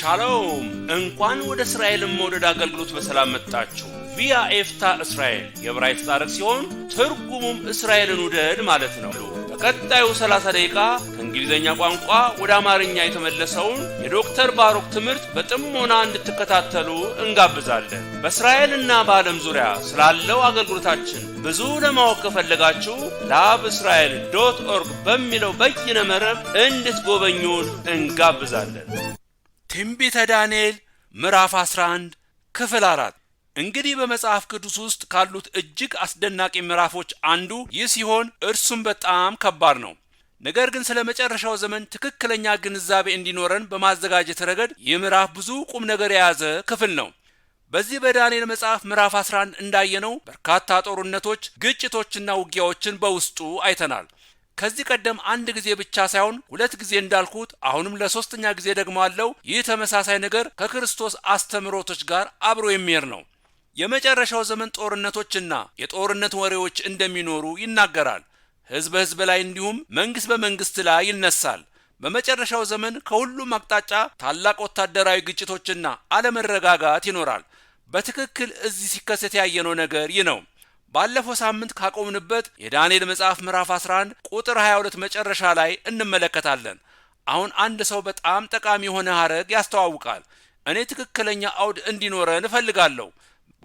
ሻሎም እንኳን ወደ እስራኤልን መውደድ አገልግሎት በሰላም መጣችሁ። ቪያ ኤፍታ እስራኤል የዕብራይስጥ ታሪክ ሲሆን ትርጉሙም እስራኤልን ውደድ ማለት ነው። በቀጣዩ 30 ደቂቃ ከእንግሊዝኛ ቋንቋ ወደ አማርኛ የተመለሰውን የዶክተር ባሮክ ትምህርት በጥሞና እንድትከታተሉ እንጋብዛለን። በእስራኤልና በዓለም ዙሪያ ስላለው አገልግሎታችን ብዙ ለማወቅ ከፈለጋችሁ ላብ እስራኤል ዶት ኦርግ በሚለው በይነ መረብ እንድትጎበኙን እንጋብዛለን። ትንቢተ ዳንኤል ምዕራፍ 11 ክፍል አራት እንግዲህ በመጽሐፍ ቅዱስ ውስጥ ካሉት እጅግ አስደናቂ ምዕራፎች አንዱ ይህ ሲሆን እርሱም በጣም ከባድ ነው። ነገር ግን ስለ መጨረሻው ዘመን ትክክለኛ ግንዛቤ እንዲኖረን በማዘጋጀት ረገድ ይህ ምዕራፍ ብዙ ቁም ነገር የያዘ ክፍል ነው። በዚህ በዳንኤል መጽሐፍ ምዕራፍ 11 እንዳየነው በርካታ ጦርነቶች፣ ግጭቶችና ውጊያዎችን በውስጡ አይተናል። ከዚህ ቀደም አንድ ጊዜ ብቻ ሳይሆን ሁለት ጊዜ እንዳልኩት አሁንም ለሶስተኛ ጊዜ ደግሞ አለው። ይህ ተመሳሳይ ነገር ከክርስቶስ አስተምሮቶች ጋር አብሮ የሚሄድ ነው። የመጨረሻው ዘመን ጦርነቶችና የጦርነት ወሬዎች እንደሚኖሩ ይናገራል። ህዝብ በህዝብ ላይ እንዲሁም መንግስት በመንግስት ላይ ይነሳል። በመጨረሻው ዘመን ከሁሉም አቅጣጫ ታላቅ ወታደራዊ ግጭቶችና አለመረጋጋት ይኖራል። በትክክል እዚህ ሲከሰት ያየነው ነገር ይህ ነው። ባለፈው ሳምንት ካቆምንበት የዳንኤል መጽሐፍ ምዕራፍ 11 ቁጥር 22 መጨረሻ ላይ እንመለከታለን። አሁን አንድ ሰው በጣም ጠቃሚ የሆነ ሀረግ ያስተዋውቃል። እኔ ትክክለኛ አውድ እንዲኖረን እፈልጋለሁ።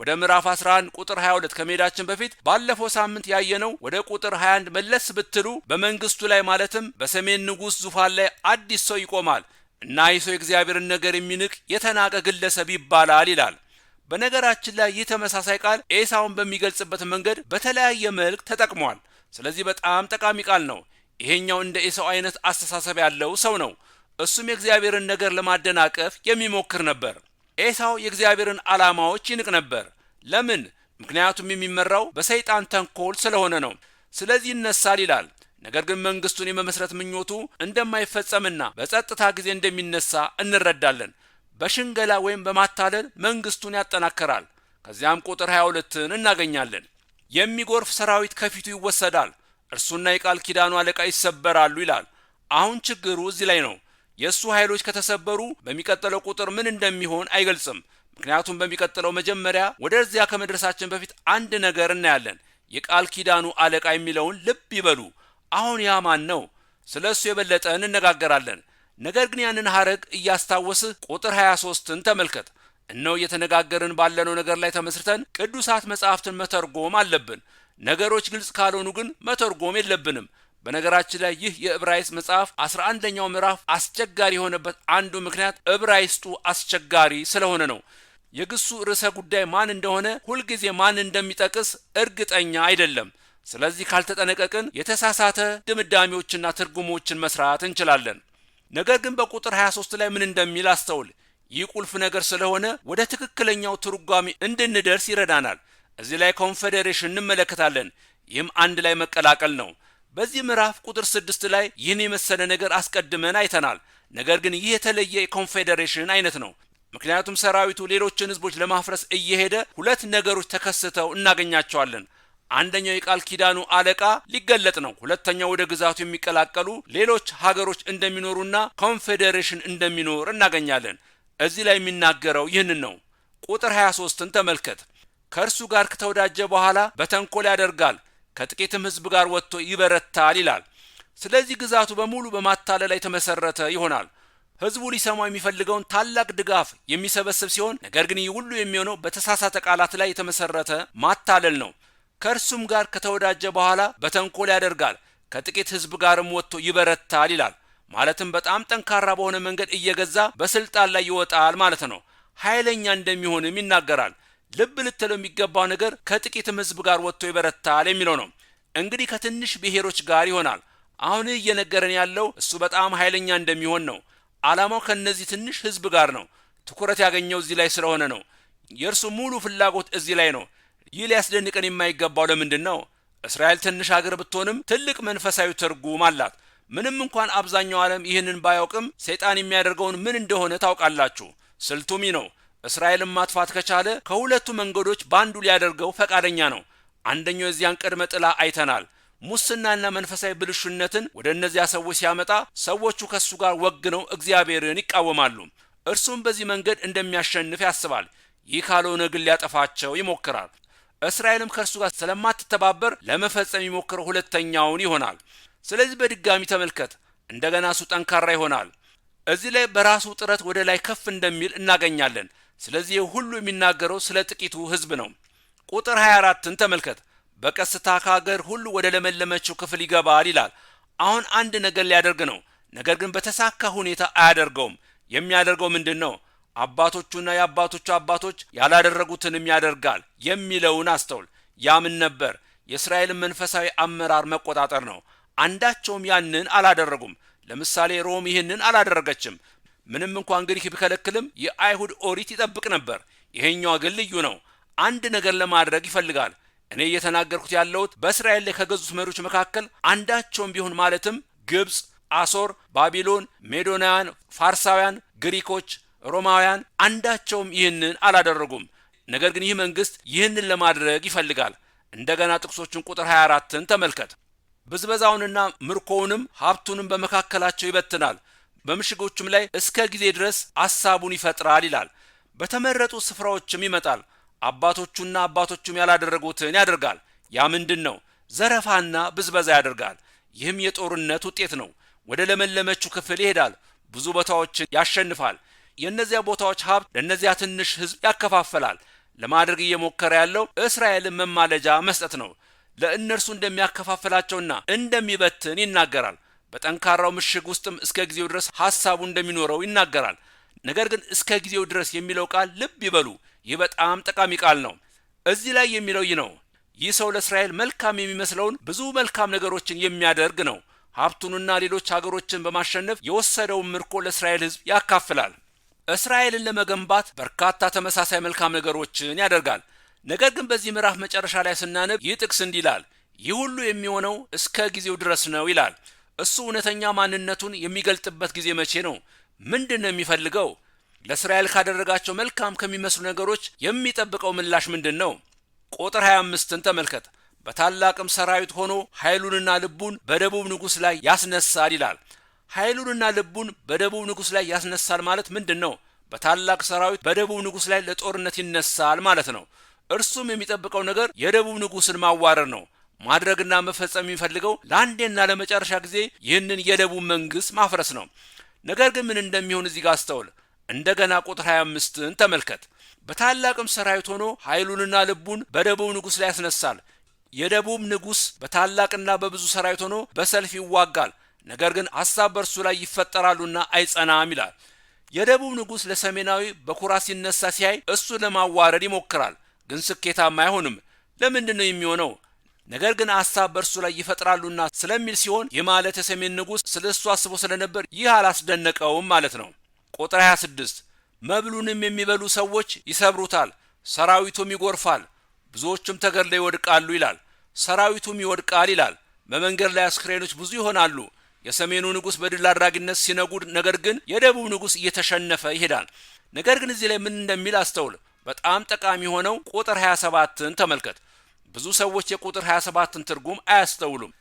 ወደ ምዕራፍ 11 ቁጥር 22 ከመሄዳችን በፊት ባለፈው ሳምንት ያየነው ወደ ቁጥር 21 መለስ ብትሉ በመንግስቱ ላይ ማለትም በሰሜን ንጉሥ ዙፋን ላይ አዲስ ሰው ይቆማል እና ይህ ሰው የእግዚአብሔርን ነገር የሚንቅ የተናቀ ግለሰብ ይባላል ይላል። በነገራችን ላይ ይህ ተመሳሳይ ቃል ኤሳውን በሚገልጽበት መንገድ በተለያየ መልክ ተጠቅሟል። ስለዚህ በጣም ጠቃሚ ቃል ነው። ይሄኛው እንደ ኤሳው አይነት አስተሳሰብ ያለው ሰው ነው። እሱም የእግዚአብሔርን ነገር ለማደናቀፍ የሚሞክር ነበር። ኤሳው የእግዚአብሔርን ዓላማዎች ይንቅ ነበር። ለምን? ምክንያቱም የሚመራው በሰይጣን ተንኮል ስለሆነ ነው። ስለዚህ ይነሳል ይላል። ነገር ግን መንግስቱን የመመስረት ምኞቱ እንደማይፈጸምና በጸጥታ ጊዜ እንደሚነሳ እንረዳለን። በሽንገላ ወይም በማታለል መንግስቱን ያጠናከራል። ከዚያም ቁጥር 22ን እናገኛለን። የሚጎርፍ ሰራዊት ከፊቱ ይወሰዳል፣ እርሱና የቃል ኪዳኑ አለቃ ይሰበራሉ ይላል። አሁን ችግሩ እዚህ ላይ ነው። የእሱ ኃይሎች ከተሰበሩ በሚቀጥለው ቁጥር ምን እንደሚሆን አይገልጽም። ምክንያቱም በሚቀጥለው መጀመሪያ ወደዚያ ከመድረሳችን በፊት አንድ ነገር እናያለን። የቃል ኪዳኑ አለቃ የሚለውን ልብ ይበሉ። አሁን ያ ማን ነው? ስለ እሱ የበለጠ እንነጋገራለን። ነገር ግን ያንን ሐረግ እያስታወስህ ቁጥር 23ን ተመልከት። እነው እየተነጋገርን ባለነው ነገር ላይ ተመስርተን ቅዱሳት መጻሕፍትን መተርጎም አለብን። ነገሮች ግልጽ ካልሆኑ ግን መተርጎም የለብንም። በነገራችን ላይ ይህ የዕብራይስጥ መጽሐፍ አስራ አንደኛው ምዕራፍ አስቸጋሪ የሆነበት አንዱ ምክንያት ዕብራይስጡ አስቸጋሪ ስለሆነ ነው። የግሱ ርዕሰ ጉዳይ ማን እንደሆነ ሁልጊዜ ማን እንደሚጠቅስ እርግጠኛ አይደለም። ስለዚህ ካልተጠነቀቅን የተሳሳተ ድምዳሜዎችና ትርጉሞችን መስራት እንችላለን። ነገር ግን በቁጥር 23 ላይ ምን እንደሚል አስተውል። ይህ ቁልፍ ነገር ስለሆነ ወደ ትክክለኛው ትርጓሜ እንድንደርስ ይረዳናል። እዚህ ላይ ኮንፌዴሬሽን እንመለከታለን። ይህም አንድ ላይ መቀላቀል ነው። በዚህ ምዕራፍ ቁጥር ስድስት ላይ ይህን የመሰለ ነገር አስቀድመን አይተናል። ነገር ግን ይህ የተለየ የኮንፌዴሬሽን አይነት ነው። ምክንያቱም ሰራዊቱ ሌሎችን ህዝቦች ለማፍረስ እየሄደ ሁለት ነገሮች ተከስተው እናገኛቸዋለን። አንደኛው የቃል ኪዳኑ አለቃ ሊገለጥ ነው። ሁለተኛው ወደ ግዛቱ የሚቀላቀሉ ሌሎች ሀገሮች እንደሚኖሩና ኮንፌዴሬሽን እንደሚኖር እናገኛለን። እዚህ ላይ የሚናገረው ይህንን ነው። ቁጥር 23ን ተመልከት። ከእርሱ ጋር ከተወዳጀ በኋላ በተንኮል ያደርጋል፣ ከጥቂትም ህዝብ ጋር ወጥቶ ይበረታል ይላል። ስለዚህ ግዛቱ በሙሉ በማታለል ላይ የተመሰረተ ይሆናል። ህዝቡ ሊሰማው የሚፈልገውን ታላቅ ድጋፍ የሚሰበስብ ሲሆን ነገር ግን ይህ ሁሉ የሚሆነው በተሳሳተ ቃላት ላይ የተመሰረተ ማታለል ነው። ከእርሱም ጋር ከተወዳጀ በኋላ በተንኮል ያደርጋል፣ ከጥቂት ሕዝብ ጋርም ወጥቶ ይበረታል ይላል። ማለትም በጣም ጠንካራ በሆነ መንገድ እየገዛ በስልጣን ላይ ይወጣል ማለት ነው። ኃይለኛ እንደሚሆንም ይናገራል። ልብ ልትለው የሚገባው ነገር ከጥቂትም ሕዝብ ጋር ወጥቶ ይበረታል የሚለው ነው። እንግዲህ ከትንሽ ብሔሮች ጋር ይሆናል። አሁን እየነገረን ያለው እሱ በጣም ኃይለኛ እንደሚሆን ነው። ዓላማው ከእነዚህ ትንሽ ሕዝብ ጋር ነው። ትኩረት ያገኘው እዚህ ላይ ስለሆነ ነው። የእርሱ ሙሉ ፍላጎት እዚህ ላይ ነው። ይህ ሊያስደንቀን የማይገባው ለምንድን ነው? እስራኤል ትንሽ አገር ብትሆንም ትልቅ መንፈሳዊ ትርጉም አላት። ምንም እንኳን አብዛኛው ዓለም ይህንን ባያውቅም ሰይጣን የሚያደርገውን ምን እንደሆነ ታውቃላችሁ። ስልቱም ነው። እስራኤልን ማጥፋት ከቻለ ከሁለቱ መንገዶች በአንዱ ሊያደርገው ፈቃደኛ ነው። አንደኛው የዚያን ቅድመ ጥላ አይተናል። ሙስናና መንፈሳዊ ብልሹነትን ወደ እነዚያ ሰዎች ሲያመጣ ሰዎቹ ከእሱ ጋር ወግነው እግዚአብሔርን ይቃወማሉ። እርሱም በዚህ መንገድ እንደሚያሸንፍ ያስባል። ይህ ካልሆነ ግን ሊያጠፋቸው ይሞክራል። እስራኤልም ከእርሱ ጋር ስለማትተባበር ለመፈጸም የሚሞክረው ሁለተኛውን ይሆናል። ስለዚህ በድጋሚ ተመልከት፣ እንደገና እሱ ጠንካራ ይሆናል። እዚህ ላይ በራሱ ጥረት ወደ ላይ ከፍ እንደሚል እናገኛለን። ስለዚህ ሁሉ የሚናገረው ስለ ጥቂቱ ህዝብ ነው። ቁጥር 24ን ተመልከት። በቀስታ ከአገር ሁሉ ወደ ለመለመችው ክፍል ይገባል ይላል። አሁን አንድ ነገር ሊያደርግ ነው። ነገር ግን በተሳካ ሁኔታ አያደርገውም። የሚያደርገው ምንድን ነው? አባቶቹና የአባቶቹ አባቶች ያላደረጉትንም ያደርጋል የሚለውን አስተውል። ያምን ነበር የእስራኤልን መንፈሳዊ አመራር መቆጣጠር ነው። አንዳቸውም ያንን አላደረጉም። ለምሳሌ ሮም ይህንን አላደረገችም። ምንም እንኳ እንግዲህ ቢከለክልም የአይሁድ ኦሪት ይጠብቅ ነበር። ይሄኛዋ ግን ልዩ ነው። አንድ ነገር ለማድረግ ይፈልጋል። እኔ እየተናገርኩት ያለሁት በእስራኤል ላይ ከገዙት መሪዎች መካከል አንዳቸውም ቢሆን ማለትም ግብፅ፣ አሶር፣ ባቢሎን፣ ሜዶናውያን፣ ፋርሳውያን፣ ግሪኮች ሮማውያን አንዳቸውም ይህንን አላደረጉም። ነገር ግን ይህ መንግስት ይህንን ለማድረግ ይፈልጋል። እንደገና ጥቅሶቹን ቁጥር 24ን ተመልከት። ብዝበዛውንና ምርኮውንም ሀብቱንም በመካከላቸው ይበትናል፣ በምሽጎቹም ላይ እስከ ጊዜ ድረስ አሳቡን ይፈጥራል ይላል። በተመረጡ ስፍራዎችም ይመጣል፣ አባቶቹና አባቶቹም ያላደረጉትን ያደርጋል። ያ ምንድን ነው? ዘረፋና ብዝበዛ ያደርጋል። ይህም የጦርነት ውጤት ነው። ወደ ለመለመችው ክፍል ይሄዳል፣ ብዙ ቦታዎችን ያሸንፋል። የእነዚያ ቦታዎች ሀብት ለእነዚያ ትንሽ ህዝብ ያከፋፈላል። ለማድረግ እየሞከረ ያለው እስራኤልን መማለጃ መስጠት ነው። ለእነርሱ እንደሚያከፋፍላቸውና እንደሚበትን ይናገራል። በጠንካራው ምሽግ ውስጥም እስከ ጊዜው ድረስ ሀሳቡ እንደሚኖረው ይናገራል። ነገር ግን እስከ ጊዜው ድረስ የሚለው ቃል ልብ ይበሉ፣ ይህ በጣም ጠቃሚ ቃል ነው። እዚህ ላይ የሚለው ይህ ነው። ይህ ሰው ለእስራኤል መልካም የሚመስለውን ብዙ መልካም ነገሮችን የሚያደርግ ነው። ሀብቱንና ሌሎች ሀገሮችን በማሸነፍ የወሰደውን ምርኮ ለእስራኤል ህዝብ ያካፍላል። እስራኤልን ለመገንባት በርካታ ተመሳሳይ መልካም ነገሮችን ያደርጋል። ነገር ግን በዚህ ምዕራፍ መጨረሻ ላይ ስናነብ ይህ ጥቅስ እንዲህ ይላል፣ ይህ ሁሉ የሚሆነው እስከ ጊዜው ድረስ ነው ይላል። እሱ እውነተኛ ማንነቱን የሚገልጥበት ጊዜ መቼ ነው? ምንድን ነው የሚፈልገው? ለእስራኤል ካደረጋቸው መልካም ከሚመስሉ ነገሮች የሚጠብቀው ምላሽ ምንድን ነው? ቁጥር 25ን ተመልከት። በታላቅም ሰራዊት ሆኖ ኃይሉንና ልቡን በደቡብ ንጉሥ ላይ ያስነሳል ይላል። ኃይሉንና ልቡን በደቡብ ንጉሥ ላይ ያስነሳል ማለት ምንድን ነው? በታላቅ ሰራዊት በደቡብ ንጉሥ ላይ ለጦርነት ይነሳል ማለት ነው። እርሱም የሚጠብቀው ነገር የደቡብ ንጉሥን ማዋረድ ነው። ማድረግና መፈጸም የሚፈልገው ለአንዴና ለመጨረሻ ጊዜ ይህንን የደቡብ መንግሥት ማፍረስ ነው። ነገር ግን ምን እንደሚሆን እዚህ ጋር አስተውል። እንደገና ቁጥር 25ን ተመልከት። በታላቅም ሰራዊት ሆኖ ኃይሉንና ልቡን በደቡብ ንጉሥ ላይ ያስነሳል። የደቡብ ንጉሥ በታላቅና በብዙ ሰራዊት ሆኖ በሰልፍ ይዋጋል። ነገር ግን ሀሳብ በእርሱ ላይ ይፈጠራሉና አይጸናም ይላል። የደቡብ ንጉሥ ለሰሜናዊ በኩራት ሲነሳ ሲያይ እሱ ለማዋረድ ይሞክራል፣ ግን ስኬታም አይሆንም። ለምንድን ነው የሚሆነው? ነገር ግን ሀሳብ በእርሱ ላይ ይፈጥራሉና ስለሚል ሲሆን ይህ ማለት የሰሜን ንጉሥ ስለ እሱ አስቦ ስለነበር ይህ አላስደነቀውም ማለት ነው። ቁጥር 26 መብሉንም የሚበሉ ሰዎች ይሰብሩታል፣ ሰራዊቱም ይጎርፋል፣ ብዙዎቹም ተገድለው ይወድቃሉ ይላል። ሰራዊቱም ይወድቃል ይላል። በመንገድ ላይ አስክሬኖች ብዙ ይሆናሉ። የሰሜኑ ንጉስ በድል አድራጊነት ሲነጉድ፣ ነገር ግን የደቡብ ንጉስ እየተሸነፈ ይሄዳል። ነገር ግን እዚህ ላይ ምን እንደሚል አስተውል። በጣም ጠቃሚ የሆነው ቁጥር 27ን ተመልከት። ብዙ ሰዎች የቁጥር 27ን ትርጉም አያስተውሉም።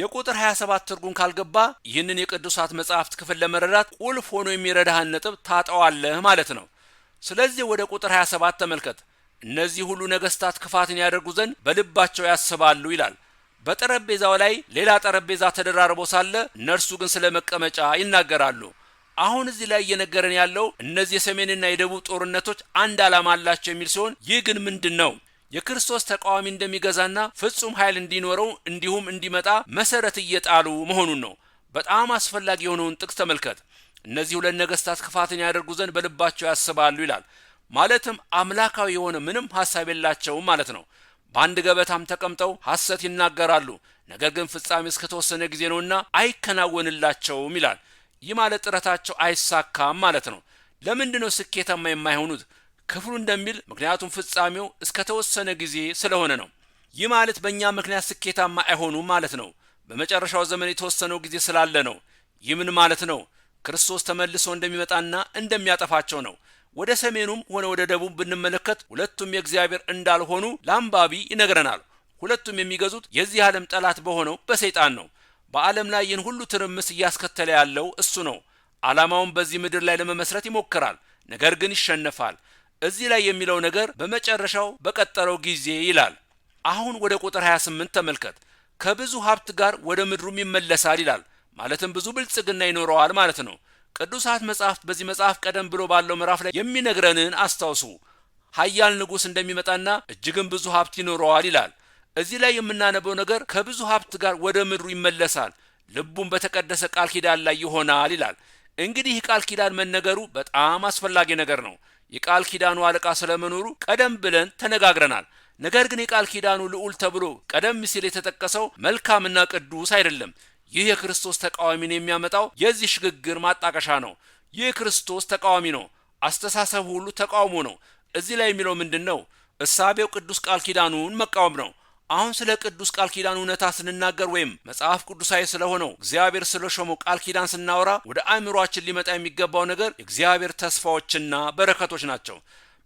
የቁጥር 27 ትርጉም ካልገባ ይህንን የቅዱሳት መጽሐፍት ክፍል ለመረዳት ቁልፍ ሆኖ የሚረዳህን ነጥብ ታጠዋለህ ማለት ነው። ስለዚህ ወደ ቁጥር 27 ተመልከት። እነዚህ ሁሉ ነገስታት ክፋትን ያደርጉ ዘንድ በልባቸው ያስባሉ ይላል። በጠረጴዛው ላይ ሌላ ጠረጴዛ ተደራርቦ ሳለ እነርሱ ግን ስለ መቀመጫ ይናገራሉ። አሁን እዚህ ላይ እየነገረን ያለው እነዚህ የሰሜንና የደቡብ ጦርነቶች አንድ ዓላማ አላቸው የሚል ሲሆን ይህ ግን ምንድን ነው? የክርስቶስ ተቃዋሚ እንደሚገዛና ፍጹም ኃይል እንዲኖረው እንዲሁም እንዲመጣ መሰረት እየጣሉ መሆኑን ነው። በጣም አስፈላጊ የሆነውን ጥቅስ ተመልከት። እነዚህ ሁለት ነገስታት ክፋትን ያደርጉ ዘንድ በልባቸው ያስባሉ ይላል። ማለትም አምላካዊ የሆነ ምንም ሀሳብ የላቸውም ማለት ነው። በአንድ ገበታም ተቀምጠው ሐሰት ይናገራሉ፣ ነገር ግን ፍጻሜ እስከተወሰነ ጊዜ ነውና አይከናወንላቸውም ይላል። ይህ ማለት ጥረታቸው አይሳካም ማለት ነው። ለምንድን ነው ስኬታማ የማይሆኑት? ክፍሉ እንደሚል ምክንያቱም ፍጻሜው እስከተወሰነ ጊዜ ስለሆነ ነው። ይህ ማለት በእኛ ምክንያት ስኬታማ አይሆኑም ማለት ነው። በመጨረሻው ዘመን የተወሰነው ጊዜ ስላለ ነው። ይህ ምን ማለት ነው? ክርስቶስ ተመልሶ እንደሚመጣና እንደሚያጠፋቸው ነው። ወደ ሰሜኑም ሆነ ወደ ደቡብ ብንመለከት ሁለቱም የእግዚአብሔር እንዳልሆኑ ለአንባቢ ይነግረናል። ሁለቱም የሚገዙት የዚህ ዓለም ጠላት በሆነው በሰይጣን ነው። በዓለም ላይ ይህን ሁሉ ትርምስ እያስከተለ ያለው እሱ ነው። ዓላማውን በዚህ ምድር ላይ ለመመስረት ይሞክራል፣ ነገር ግን ይሸነፋል። እዚህ ላይ የሚለው ነገር በመጨረሻው በቀጠረው ጊዜ ይላል። አሁን ወደ ቁጥር 28 ተመልከት። ከብዙ ሀብት ጋር ወደ ምድሩም ይመለሳል ይላል። ማለትም ብዙ ብልጽግና ይኖረዋል ማለት ነው። ቅዱሳት መጽሐፍት በዚህ መጽሐፍ ቀደም ብሎ ባለው ምዕራፍ ላይ የሚነግረንን አስታውሱ። ኃያል ንጉሥ እንደሚመጣና እጅግም ብዙ ሀብት ይኖረዋል ይላል። እዚህ ላይ የምናነበው ነገር ከብዙ ሀብት ጋር ወደ ምድሩ ይመለሳል፣ ልቡም በተቀደሰ ቃል ኪዳን ላይ ይሆናል ይላል። እንግዲህ ቃል ኪዳን መነገሩ በጣም አስፈላጊ ነገር ነው። የቃል ኪዳኑ አለቃ ስለመኖሩ ቀደም ብለን ተነጋግረናል። ነገር ግን የቃል ኪዳኑ ልዑል ተብሎ ቀደም ሲል የተጠቀሰው መልካምና ቅዱስ አይደለም። ይህ የክርስቶስ ተቃዋሚን የሚያመጣው የዚህ ሽግግር ማጣቀሻ ነው። ይህ ክርስቶስ ተቃዋሚ ነው። አስተሳሰብ ሁሉ ተቃውሞ ነው። እዚህ ላይ የሚለው ምንድን ነው? እሳቤው ቅዱስ ቃል ኪዳኑን መቃወም ነው። አሁን ስለ ቅዱስ ቃል ኪዳን እውነታ ስንናገር ወይም መጽሐፍ ቅዱሳዊ ስለሆነው እግዚአብሔር ስለ ሾመው ቃል ኪዳን ስናወራ ወደ አእምሯችን ሊመጣ የሚገባው ነገር የእግዚአብሔር ተስፋዎችና በረከቶች ናቸው።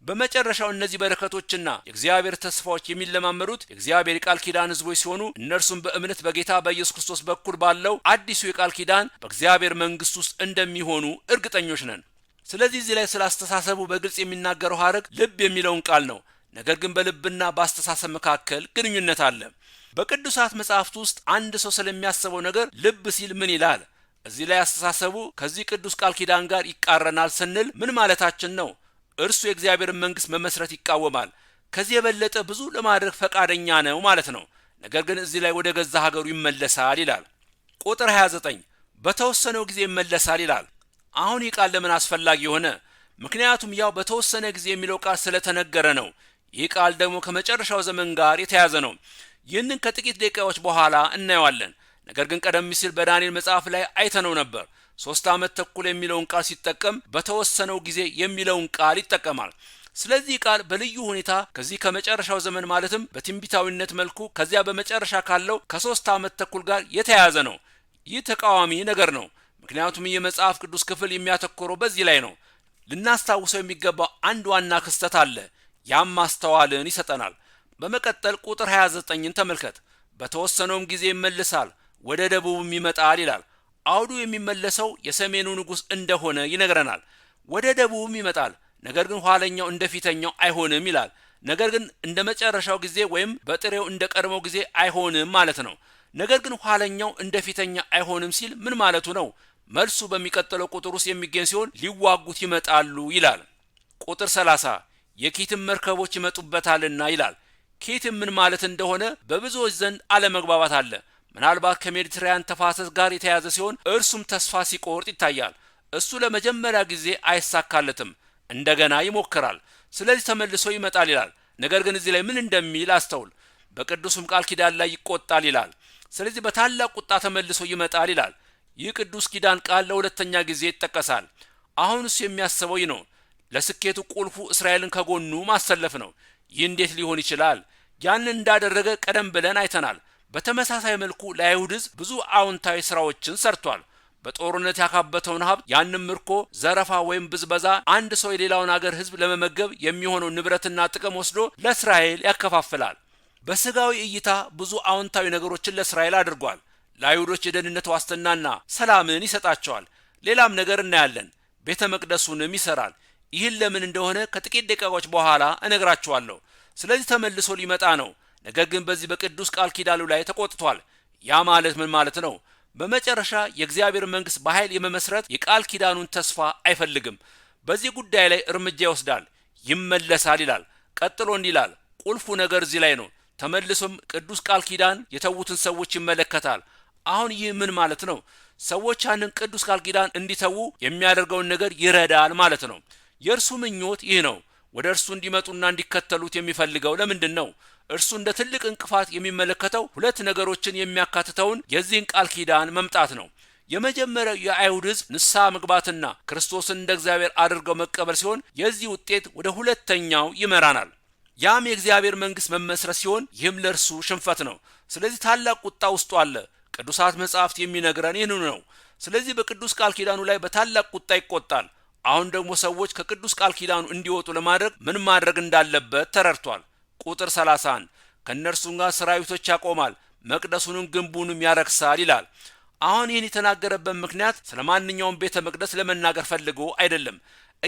በመጨረሻው እነዚህ በረከቶችና የእግዚአብሔር ተስፋዎች የሚለማመዱት የእግዚአብሔር የቃል ኪዳን ህዝቦች ሲሆኑ እነርሱም በእምነት በጌታ በኢየሱስ ክርስቶስ በኩል ባለው አዲሱ የቃል ኪዳን በእግዚአብሔር መንግስት ውስጥ እንደሚሆኑ እርግጠኞች ነን። ስለዚህ እዚህ ላይ ስለ አስተሳሰቡ በግልጽ የሚናገረው ሐረግ ልብ የሚለውን ቃል ነው። ነገር ግን በልብና በአስተሳሰብ መካከል ግንኙነት አለ። በቅዱሳት መጽሐፍት ውስጥ አንድ ሰው ስለሚያስበው ነገር ልብ ሲል ምን ይላል? እዚህ ላይ አስተሳሰቡ ከዚህ ቅዱስ ቃል ኪዳን ጋር ይቃረናል ስንል ምን ማለታችን ነው? እርሱ የእግዚአብሔርን መንግስት መመስረት ይቃወማል። ከዚህ የበለጠ ብዙ ለማድረግ ፈቃደኛ ነው ማለት ነው። ነገር ግን እዚህ ላይ ወደ ገዛ ሀገሩ ይመለሳል ይላል። ቁጥር 29 በተወሰነው ጊዜ ይመለሳል ይላል። አሁን ይህ ቃል ለምን አስፈላጊ የሆነ? ምክንያቱም ያው በተወሰነ ጊዜ የሚለው ቃል ስለተነገረ ነው። ይህ ቃል ደግሞ ከመጨረሻው ዘመን ጋር የተያዘ ነው። ይህንን ከጥቂት ደቂቃዎች በኋላ እናየዋለን። ነገር ግን ቀደም ሲል በዳንኤል መጽሐፍ ላይ አይተነው ነበር። ሶስት ዓመት ተኩል የሚለውን ቃል ሲጠቀም በተወሰነው ጊዜ የሚለውን ቃል ይጠቀማል። ስለዚህ ቃል በልዩ ሁኔታ ከዚህ ከመጨረሻው ዘመን ማለትም በትንቢታዊነት መልኩ ከዚያ በመጨረሻ ካለው ከሶስት ዓመት ተኩል ጋር የተያያዘ ነው። ይህ ተቃዋሚ ነገር ነው። ምክንያቱም የመጽሐፍ ቅዱስ ክፍል የሚያተኮረው በዚህ ላይ ነው። ልናስታውሰው የሚገባው አንድ ዋና ክስተት አለ። ያም ማስተዋልን ይሰጠናል። በመቀጠል ቁጥር 29ን ተመልከት። በተወሰነውም ጊዜ ይመልሳል፣ ወደ ደቡብም ይመጣል ይላል። አውዱ የሚመለሰው የሰሜኑ ንጉሥ እንደሆነ ይነግረናል። ወደ ደቡብም ይመጣል፣ ነገር ግን ኋለኛው እንደ ፊተኛው አይሆንም ይላል። ነገር ግን እንደ መጨረሻው ጊዜ ወይም በጥሬው እንደ ቀድሞው ጊዜ አይሆንም ማለት ነው። ነገር ግን ኋለኛው እንደ ፊተኛ አይሆንም ሲል ምን ማለቱ ነው? መልሱ በሚቀጥለው ቁጥር ውስጥ የሚገኝ ሲሆን ሊዋጉት ይመጣሉ ይላል። ቁጥር 30 የኪትም መርከቦች ይመጡበታልና ይላል። ኪትም ምን ማለት እንደሆነ በብዙዎች ዘንድ አለመግባባት አለ። ምናልባት ከሜዲትራያን ተፋሰስ ጋር የተያዘ ሲሆን እርሱም ተስፋ ሲቆርጥ ይታያል። እሱ ለመጀመሪያ ጊዜ አይሳካለትም፣ እንደገና ይሞክራል። ስለዚህ ተመልሶ ይመጣል ይላል። ነገር ግን እዚህ ላይ ምን እንደሚል አስተውል። በቅዱስም ቃል ኪዳን ላይ ይቆጣል ይላል። ስለዚህ በታላቅ ቁጣ ተመልሶ ይመጣል ይላል። ይህ ቅዱስ ኪዳን ቃል ለሁለተኛ ጊዜ ይጠቀሳል። አሁን እሱ የሚያስበው ይህ ነው። ለስኬቱ ቁልፉ እስራኤልን ከጎኑ ማሰለፍ ነው። ይህ እንዴት ሊሆን ይችላል? ያንን እንዳደረገ ቀደም ብለን አይተናል። በተመሳሳይ መልኩ ለአይሁድ ህዝብ ብዙ አዎንታዊ ስራዎችን ሰርቷል። በጦርነት ያካበተውን ሀብት ያንም ምርኮ፣ ዘረፋ ወይም ብዝበዛ አንድ ሰው የሌላውን አገር ሕዝብ ለመመገብ የሚሆነው ንብረትና ጥቅም ወስዶ ለእስራኤል ያከፋፍላል። በስጋዊ እይታ ብዙ አዎንታዊ ነገሮችን ለእስራኤል አድርጓል። ለአይሁዶች የደህንነት ዋስትናና ሰላምን ይሰጣቸዋል። ሌላም ነገር እናያለን። ቤተ መቅደሱንም ይሰራል። ይህን ለምን እንደሆነ ከጥቂት ደቂቃዎች በኋላ እነግራችኋለሁ። ስለዚህ ተመልሶ ሊመጣ ነው። ነገር ግን በዚህ በቅዱስ ቃል ኪዳሉ ላይ ተቆጥቷል። ያ ማለት ምን ማለት ነው? በመጨረሻ የእግዚአብሔር መንግስት በኃይል የመመስረት የቃል ኪዳኑን ተስፋ አይፈልግም። በዚህ ጉዳይ ላይ እርምጃ ይወስዳል፣ ይመለሳል ይላል። ቀጥሎ እንዲህ ይላል። ቁልፉ ነገር እዚህ ላይ ነው። ተመልሶም ቅዱስ ቃል ኪዳን የተዉትን ሰዎች ይመለከታል። አሁን ይህ ምን ማለት ነው? ሰዎች ያንን ቅዱስ ቃል ኪዳን እንዲተዉ የሚያደርገውን ነገር ይረዳል ማለት ነው። የእርሱ ምኞት ይህ ነው። ወደ እርሱ እንዲመጡና እንዲከተሉት የሚፈልገው ለምንድን ነው? እርሱ እንደ ትልቅ እንቅፋት የሚመለከተው ሁለት ነገሮችን የሚያካትተውን የዚህን ቃል ኪዳን መምጣት ነው። የመጀመሪያው የአይሁድ ሕዝብ ንስሐ መግባትና ክርስቶስን እንደ እግዚአብሔር አድርገው መቀበል ሲሆን የዚህ ውጤት ወደ ሁለተኛው ይመራናል። ያም የእግዚአብሔር መንግሥት መመስረት ሲሆን ይህም ለእርሱ ሽንፈት ነው። ስለዚህ ታላቅ ቁጣ ውስጡ አለ። ቅዱሳት መጻሕፍት የሚነግረን ይህንኑ ነው። ስለዚህ በቅዱስ ቃል ኪዳኑ ላይ በታላቅ ቁጣ ይቆጣል። አሁን ደግሞ ሰዎች ከቅዱስ ቃል ኪዳኑ እንዲወጡ ለማድረግ ምን ማድረግ እንዳለበት ተረድቷል። ቁጥር 31 ከእነርሱም ጋር ሰራዊቶች ያቆማል፣ መቅደሱንም ግንቡንም ያረክሳል ይላል። አሁን ይህን የተናገረበት ምክንያት ስለ ማንኛውም ቤተ መቅደስ ለመናገር ፈልጎ አይደለም።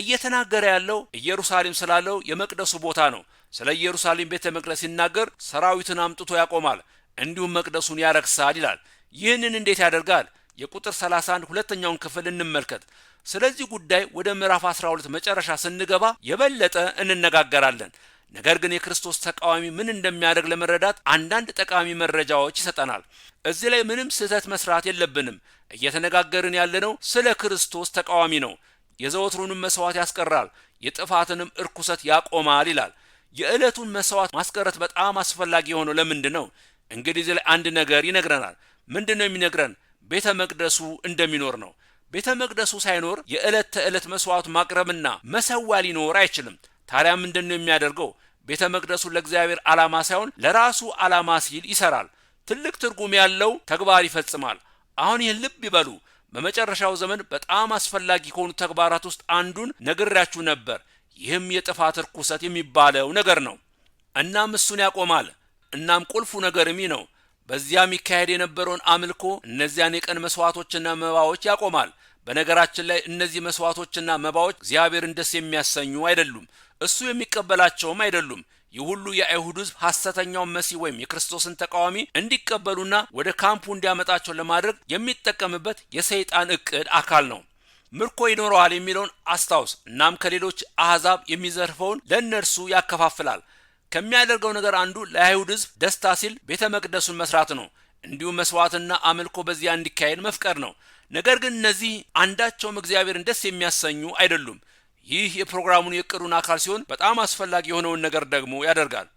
እየተናገረ ያለው ኢየሩሳሌም ስላለው የመቅደሱ ቦታ ነው። ስለ ኢየሩሳሌም ቤተ መቅደስ ሲናገር ሰራዊትን አምጥቶ ያቆማል፣ እንዲሁም መቅደሱን ያረክሳል ይላል። ይህንን እንዴት ያደርጋል? የቁጥር 31 ሁለተኛውን ክፍል እንመልከት። ስለዚህ ጉዳይ ወደ ምዕራፍ 12 መጨረሻ ስንገባ የበለጠ እንነጋገራለን። ነገር ግን የክርስቶስ ተቃዋሚ ምን እንደሚያደርግ ለመረዳት አንዳንድ ጠቃሚ መረጃዎች ይሰጠናል። እዚህ ላይ ምንም ስህተት መስራት የለብንም። እየተነጋገርን ያለነው ስለ ክርስቶስ ተቃዋሚ ነው። የዘወትሩንም መስዋዕት ያስቀራል፣ የጥፋትንም እርኩሰት ያቆማል ይላል። የዕለቱን መስዋዕት ማስቀረት በጣም አስፈላጊ የሆነው ለምንድን ነው? እንግዲህ እዚህ ላይ አንድ ነገር ይነግረናል። ምንድን ነው የሚነግረን? ቤተ መቅደሱ እንደሚኖር ነው። ቤተ መቅደሱ ሳይኖር የዕለት ተዕለት መስዋዕት ማቅረብና መሰዋ ሊኖር አይችልም። ታዲያ ምንድን ነው የሚያደርገው? ቤተ መቅደሱ ለእግዚአብሔር ዓላማ ሳይሆን ለራሱ ዓላማ ሲል ይሰራል። ትልቅ ትርጉም ያለው ተግባር ይፈጽማል። አሁን ይህን ልብ ይበሉ። በመጨረሻው ዘመን በጣም አስፈላጊ ከሆኑ ተግባራት ውስጥ አንዱን ነግሬያችሁ ነበር። ይህም የጥፋት ርኩሰት የሚባለው ነገር ነው። እናም እሱን ያቆማል። እናም ቁልፉ ነገር ሚ ነው። በዚያም ይካሄድ የነበረውን አምልኮ፣ እነዚያን የቀን መስዋዕቶችና መባዎች ያቆማል። በነገራችን ላይ እነዚህ መስዋዕቶችና መባዎች እግዚአብሔርን ደስ የሚያሰኙ አይደሉም፣ እሱ የሚቀበላቸውም አይደሉም። ይህ ሁሉ የአይሁድ ሕዝብ ሐሰተኛውን መሲህ ወይም የክርስቶስን ተቃዋሚ እንዲቀበሉና ወደ ካምፑ እንዲያመጣቸው ለማድረግ የሚጠቀምበት የሰይጣን እቅድ አካል ነው። ምርኮ ይኖረዋል የሚለውን አስታውስ። እናም ከሌሎች አሕዛብ የሚዘርፈውን ለእነርሱ ያከፋፍላል። ከሚያደርገው ነገር አንዱ ለአይሁድ ሕዝብ ደስታ ሲል ቤተ መቅደሱን መስራት ነው። እንዲሁም መስዋዕትና አምልኮ በዚያ እንዲካሄድ መፍቀድ ነው። ነገር ግን እነዚህ አንዳቸውም እግዚአብሔርን ደስ የሚያሰኙ አይደሉም። ይህ የፕሮግራሙን የቅዱን አካል ሲሆን በጣም አስፈላጊ የሆነውን ነገር ደግሞ ያደርጋል።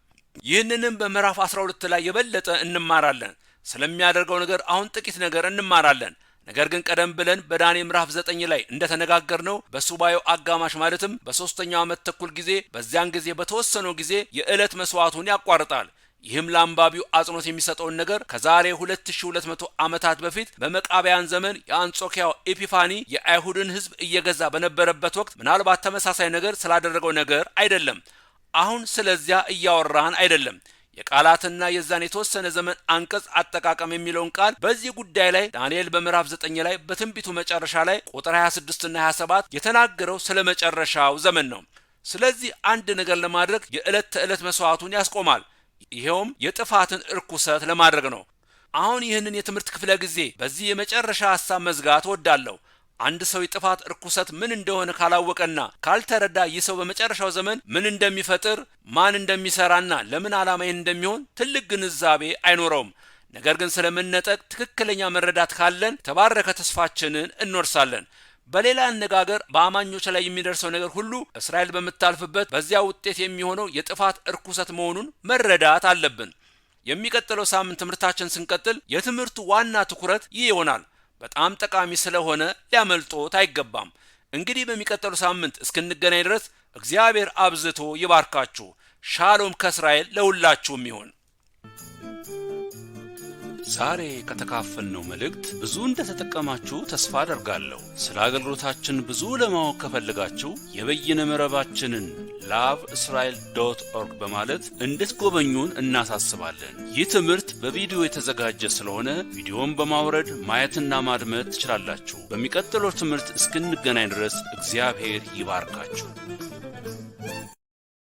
ይህንንም በምዕራፍ 12 ላይ የበለጠ እንማራለን። ስለሚያደርገው ነገር አሁን ጥቂት ነገር እንማራለን። ነገር ግን ቀደም ብለን በዳንኤል ምዕራፍ ዘጠኝ ላይ እንደተነጋገርነው በሱባኤው አጋማሽ ማለትም በሶስተኛው ዓመት ተኩል ጊዜ በዚያን ጊዜ በተወሰነው ጊዜ የዕለት መስዋዕቱን ያቋርጣል። ይህም ለአንባቢው አጽንኦት የሚሰጠውን ነገር ከዛሬ 2200 ዓመታት በፊት በመቃቢያን ዘመን የአንጾኪያው ኤፒፋኒ የአይሁድን ሕዝብ እየገዛ በነበረበት ወቅት ምናልባት ተመሳሳይ ነገር ስላደረገው ነገር አይደለም። አሁን ስለዚያ እያወራን አይደለም። የቃላትና የዛን የተወሰነ ዘመን አንቀጽ አጠቃቀም የሚለውን ቃል በዚህ ጉዳይ ላይ ዳንኤል በምዕራፍ 9 ላይ በትንቢቱ መጨረሻ ላይ ቁጥር 26ና 27 የተናገረው ስለ መጨረሻው ዘመን ነው። ስለዚህ አንድ ነገር ለማድረግ የዕለት ተዕለት መስዋዕቱን ያስቆማል። ይኸውም የጥፋትን እርኩሰት ለማድረግ ነው። አሁን ይህንን የትምህርት ክፍለ ጊዜ በዚህ የመጨረሻ ሀሳብ መዝጋት እወዳለሁ። አንድ ሰው የጥፋት እርኩሰት ምን እንደሆነ ካላወቀና ካልተረዳ ይህ ሰው በመጨረሻው ዘመን ምን እንደሚፈጥር፣ ማን እንደሚሰራና ለምን ዓላማ ይህን እንደሚሆን ትልቅ ግንዛቤ አይኖረውም። ነገር ግን ስለመነጠቅ ትክክለኛ መረዳት ካለን ተባረከ ተስፋችንን እንወርሳለን። በሌላ አነጋገር በአማኞች ላይ የሚደርሰው ነገር ሁሉ እስራኤል በምታልፍበት በዚያ ውጤት የሚሆነው የጥፋት እርኩሰት መሆኑን መረዳት አለብን። የሚቀጥለው ሳምንት ትምህርታችን ስንቀጥል የትምህርቱ ዋና ትኩረት ይህ ይሆናል። በጣም ጠቃሚ ስለሆነ ሊያመልጦት አይገባም። እንግዲህ በሚቀጥለው ሳምንት እስክንገናኝ ድረስ እግዚአብሔር አብዝቶ ይባርካችሁ። ሻሎም ከእስራኤል ለሁላችሁም ይሆን። ዛሬ ከተካፈልነው መልእክት ብዙ እንደተጠቀማችሁ ተስፋ አደርጋለሁ። ስለ አገልግሎታችን ብዙ ለማወቅ ከፈልጋችሁ የበይነ መረባችንን ላቭ እስራኤል ዶት ኦርግ በማለት እንድትጎበኙን እናሳስባለን። ይህ ትምህርት በቪዲዮ የተዘጋጀ ስለሆነ ቪዲዮን በማውረድ ማየትና ማድመጥ ትችላላችሁ። በሚቀጥለው ትምህርት እስክንገናኝ ድረስ እግዚአብሔር ይባርካችሁ።